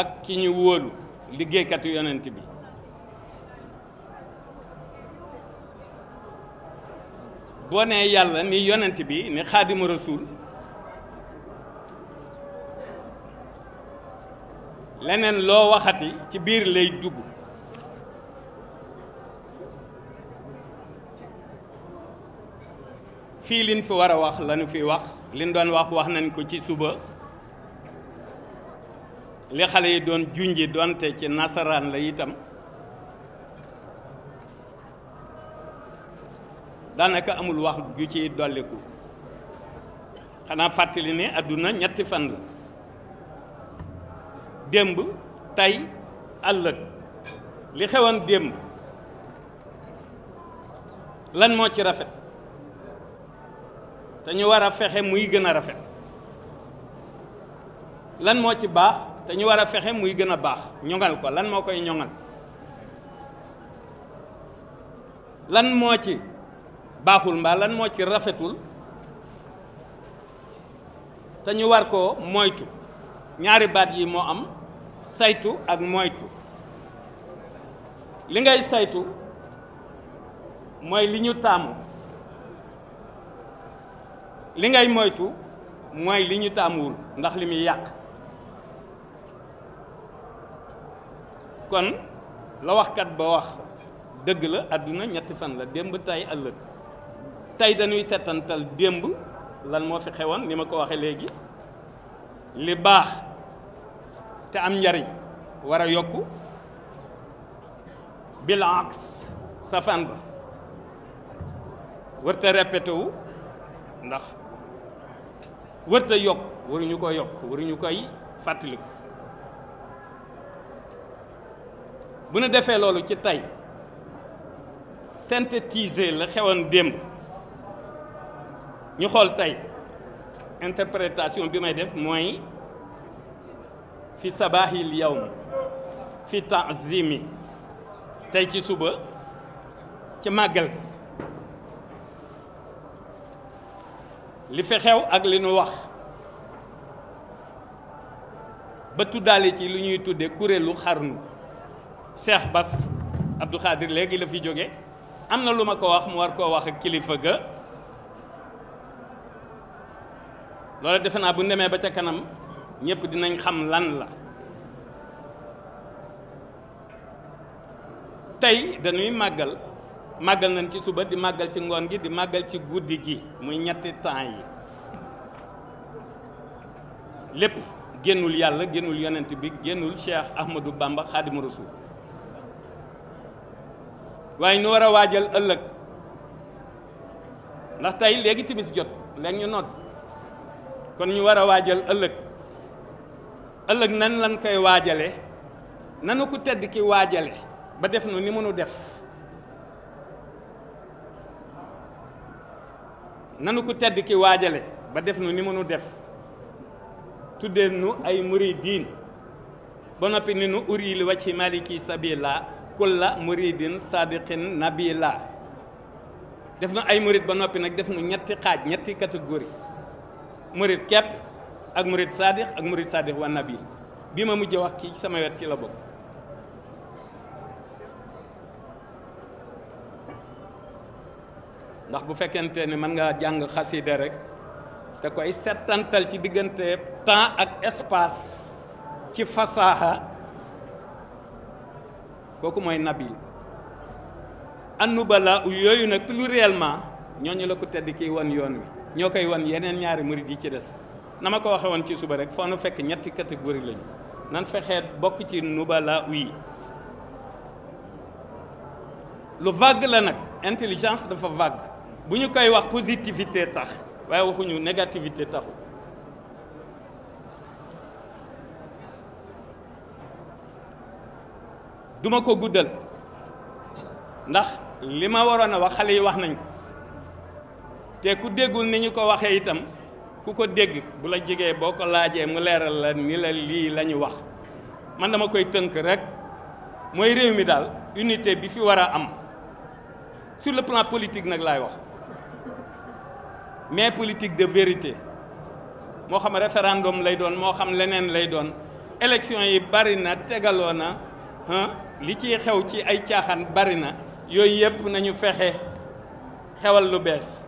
ak ki ñu wóolu liggéeykatu yonent bi boo nee yàlla ni yonent bi ni xaadimu rasul leneen loo waxati ci biir lay dugg fii liñ fi war a wax lañu fi wax liñ doon wax wax nañ ko ci suba li xale yi doon junji donte ci nasaraan la itam daanaka amul wax ju ci dolliku xanaa fàttali ne àdduna ñetti fan la démb tey àllëg li xewoon démb lan moo ci rafet te ñu war a fexe muy gën a rafet lan moo ci baax te ñu war a fexe muy gën a baax ñoŋal ko lan moo koy ñoŋal lan moo ci baaxul mbaa lan moo ci rafetul te ñu war ko moytu ñaari baat yi moo am saytu ak moytu li ngay saytu mooy li ñu taamu li ngay moytu moy li ñu taamuwul ndax li muy yàq kon la waxkat ba wax dëgg la àdduna ñetti fan la démb tay ëllëg tey dañuy setantal démb lan moo fi xewoon ni ma ko waxee léegi li baax te am njariñ war a yokku bilax safaan ba wërta répété ndax wërta yokk waruñu ko yokk waruñu koy fàttaliku bu na defee loolu ci tey synthétiser la xewoon démb ñu xool tey interpretation bi may def mooy fi sabaahil yawm fi mi tey ci suba ci màggel li fi xew ak li nu wax ba tuddaale yi li ñuy tudde kuréelu xarnu Cheikh Bass Abdou Khadir léegi la fi jóge am na lu ma ko wax mu war koo wax ak kilifa ga loolu defe naa bu ndemee ba ca kanam ñëpp dinañ xam lan la tey dañuy màggal màggal nañ ci suba di màggal ci ngoon gi di màggal ci guddi gi muy ñetti temps yi lépp génnul yàlla génnul yonent bi génnul Cheikh Ahmadou Bamba Xaadimu Rasuul waaye ñu war a waajal ëllëg ndax tey léegi timis jot léegi ñu nodd kon ñu war a waajal ëllëg ëllëg nan lan koy waajale nanu ko tedd ki waajale ba def nu ni mënu def nanu ko tedd ki waajale ba def nu ni mënu def tuddee nu ay muridiin ba noppi ni nu uri li wacci maliki sabila kulla muridin sadiqin nabila def na ay murid ba noppi nag def na ñetti xaaj ñetti catégorie murid kepp ak murid sadiq ak murid sadiq wa nabil bi ma mujj wax kii sama wet ci la bokk ndax bu fekkente ne mën nga jàng xasida rek te koy settantal ci diggante temps ak espace ci fasaha kooku mooy nabil uy yooyu nag pluriellement ñooñu la ko tedd kiy wan yoon wi ñoo koy wan yeneen ñaari murid yi ci des na ma ko waxe woon ci suba rek foo nu fekk ñetti catégorie lañu nan fexeet bokk ci nubala uyi lu vague la nag intelligence dafa vague bu ñu koy wax positivité tax waaye waxuñu négativité taxu du ma ko guddal ndax li ma waroon a wax xale yi wax nañ ko te ku déggul ni ñu ko waxee itam ku ko dégg bu la jegee boo ko laajee mu leeral la ni la lii la ñu wax man dama koy tënk rek mooy réew mi daal unité bi fi war a am sur le plan politique nag laay wax mais politique de vérité moo xam référendum lay doon moo xam leneen lay doon élection yi bari na tegaloo na li ciy xew ci ay caaxaan bari na yooyu yëpp nañu fexe xewal lu bees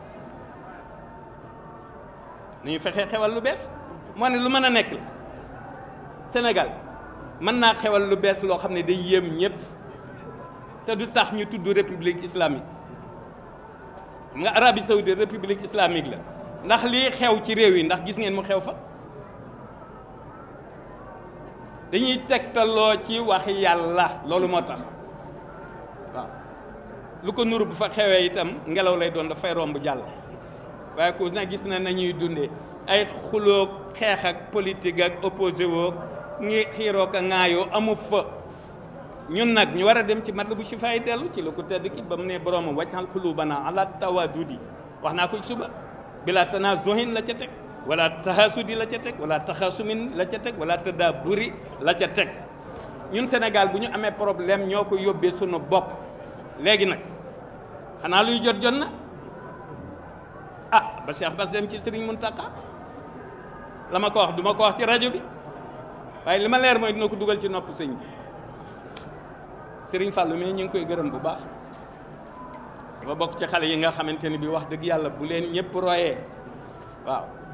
nañu fexe xewal lu bees moo ne lu mën a nekk la Sénégal mën naa xewal lu bees loo xam ne day yéem ñëpp te du tax ñu tudd république islamique xam nga Arabie Saoudite république islamique la ndax lii xew ci réew yi ndax gis ngeen mu xew fa dañuy tegtaloo ci wax yàlla loolu moo tax waaw lu ko nuru bu fa xewee itam ngelaw lay doon dafay romb jàll waaye ku na gis na nañuy dundee ay xulóog xeex ak politique ak opposé woo ngi xiiroo ka ŋaayoo amu fa ñun nag ñu war a dem ci mat la bu ci fay dellu ci la ko tedd ki ba mu ne boroomam waccal xulu banaa ala tawadudi wax naa ko suba bila tana zohin la ca teg wala di la ca teg wala taxasumin la ca teg wala tadaaburi la ca teg ñun senegal bu ñu amee problème ñoo ko yóbbee sunu bopp léegi nag xanaa luy jot jot na ah ba Cheikh Bass dem ci Serigne Mountakha la ma ko wax du ma ko wax ci rajo bi waaye li ma leer mooy dina ko dugal ci nopp sëñ bi Serigne Fallou mais ñu ngi koy gërëm bu baax dafa bokk ci xale yi nga xamante ni bi wax dëgg yàlla bu leen ñëpp royee waaw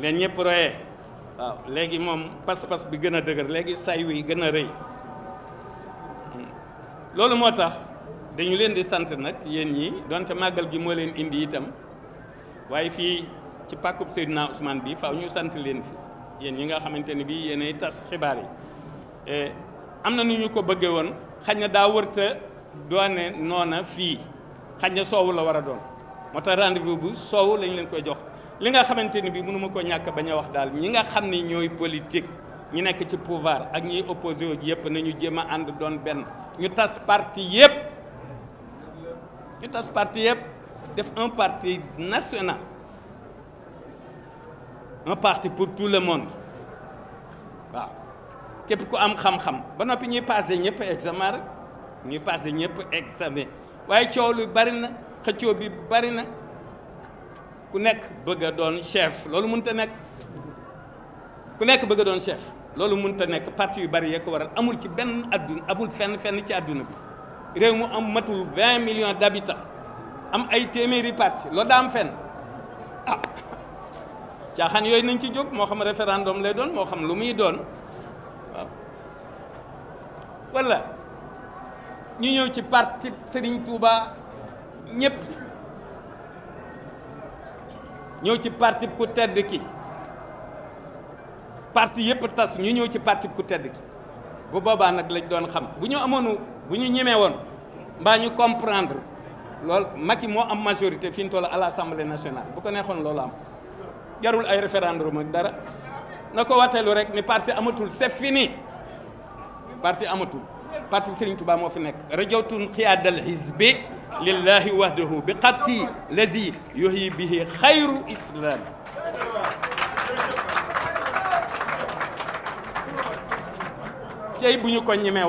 leen ñëpp royee waaw léegi moom pas-pas bi gën a dëgër léegi say wi gën a rëy loolu moo tax dañu leen di sant nag yéen ñi donte màggal gi moo leen indi itam waaye fii ci pàkkub Seydina Ousmane bi faw ñu sant leen fii yéen ñi nga xamante ni bii yéenay tas xibaar yi eh, am na nu ñu ko bëggee woon xaj na daa wërta doone noona fii xaj na soowu la war a doon moo tax rendez-vous bu soowu lañ leen koy jox li nga xamante ni bi mënuma koo ñàkk bañ a wax daal ñi nga xam ni ñooy politique ñu nekk ci pouvoir ak ñi opposé wu yëpp nañu jéem a ànd doon benn ñu tas parti yëpp ñu tas parti yëpp def un parti national un parti pour tout le monde waaw képp ko am xam-xam ba noppi ñuy passé ñëpp examen rek ñuy passé ñëpp examen waaye coow lu bari na xëccoo bi bari na ku nekk bëgg a doon chef loolu mënut a nekk ku nekk bëgg doon chef loolu mënut a nekk parti yu bari yee waral amul ci benn adduna amul fenn fenn ci adduna bi réew mu am matul million millions d'habitants am ay téeméeri parti loolu daa am fenn ah caaxaan yooyu nañ ci jóg moo xam référendum lay doon moo xam lu muy doon waaw walla ñu ñëw ci parti Serigne Touba ñëpp. ñëw ci parti ku tedd ki parti yëpp tas ñu ñëw ci parti ku tedd bu boobaa nag lañ doon xam bu ñu amoon bu ñu ñemee woon mbaa ñu comprendre loolu Macky moo am majorité fi ñu toll à l'Assemblée nationale bu ko neexoon loolu am jarul ay référendum ak dara na ko wateelu rek ni parti amatul c'est fini parti amatul parti Serigne Touba moo fi nekk rajawtun xiyaadal hizbi lillahi wahdahu bi xatti lazi yuhyi bihi xayru islam cey bu ñu ko ñemee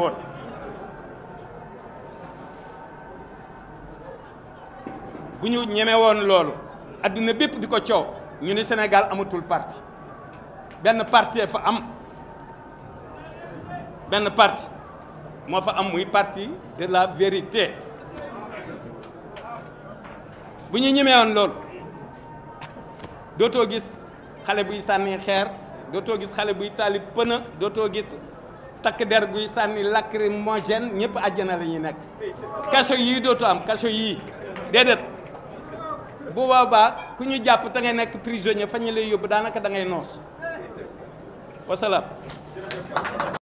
bu ñu ñemewoon loolu adduna bépp di ko coow ñu ne senegal amatul parti benn parti fa am benn parti moo fa am muy parti de la vérité bu ñu ñemewoon lool dootoo gis xale buy sànni xeer dootoo gis xale buy taali pëna dootoo gis takk der buy sànni lacrymogène ñëpp àjjana la ñuy nekk kaso yii dootu am kaso yi déedéet bu boobaa ku ñu jàpp te ngay nekk prisonnier fa ñu lay yóbbu daanaka da noos wasalaam